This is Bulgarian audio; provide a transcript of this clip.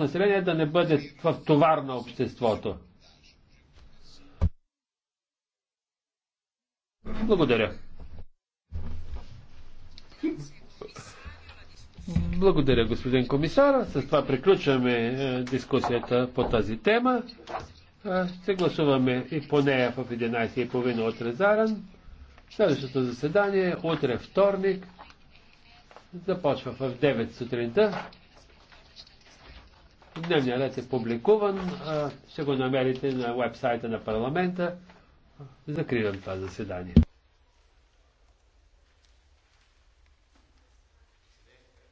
население да не бъде в товар на обществото. Благодаря. Благодаря, господин комисар. С това приключваме е, дискусията по тази тема. Е, ще гласуваме и по нея в 11.30 утре заран. Следващото заседание е утре вторник започва в 9 сутринта. Дневният ред е публикуван. Ще го намерите на вебсайта на парламента. Закривам това заседание.